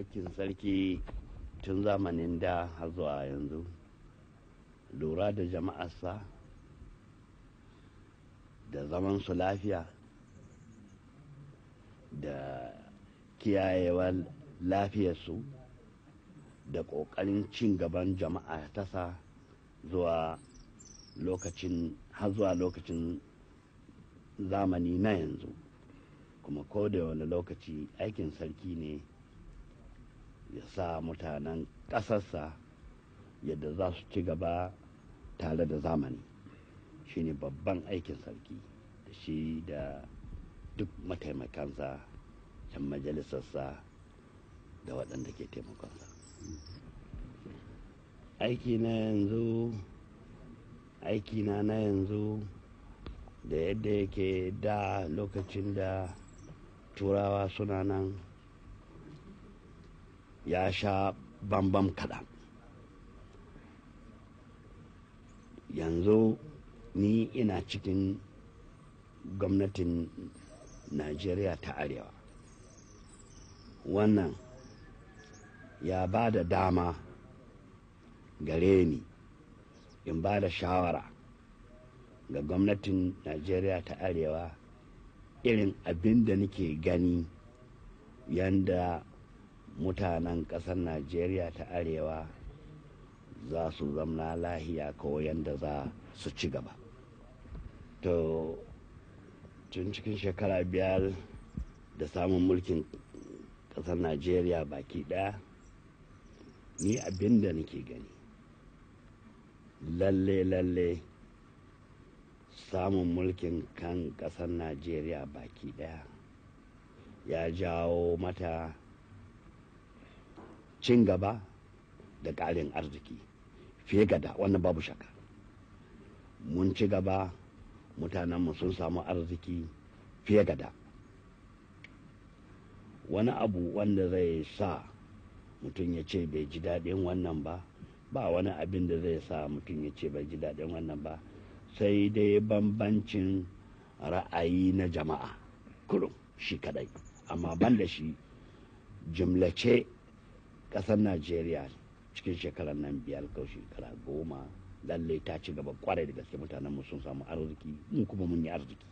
hakkin sarki tun zamanin da har zuwa yanzu lura da jama'arsa da zaman su lafiya da kiyayewa lafiyarsu da ƙoƙarin cin gaban jama'a tasa zuwa lokacin har zuwa lokacin zamani na yanzu kuma ko da wani lokaci aikin sarki ne ya sa mutanen ƙasarsa yadda za su ci gaba tare da zamani shine babban aikin sarki da shi da duk mataimakansa 'yan majalisarsa da waɗanda ke taimakonsa aiki na yanzu aiki na na yanzu da yadda yake da lokacin da turawa suna nan ya sha bambam kaɗan yanzu ni ina cikin gwamnatin najeriya ta arewa wannan ya ba da dama gare ni in ba da shawara ga gwamnatin najeriya ta arewa irin abin da nake gani yanda mutanen ƙasar najeriya ta arewa za su zamna lahiya ko yadda za su ci gaba to tun cikin shekara biyar da samun mulkin ƙasar najeriya baki ɗaya ni abin da nake gani lalle lalle samun mulkin kan ƙasar najeriya baki ɗaya ya jawo mata cin gaba da ƙarin arziki fiye ga da wannan babu shaka mun ci gaba mutanenmu sun samu arziki fiye gada wani abu wanda zai sa mutum ya ce bai ji daɗin wannan ba ba wani abin da zai sa mutum ya ce bai ji daɗin wannan ba sai dai bambancin ra'ayi na jama'a kurum shi kadai amma ban da shi jimlace ƙasar najeriya cikin shekarar nan biyar ko shekara goma lallai ta ci gaba kwarai da gaske mutanenmu sun samu arziki mu kuma mun yi arziki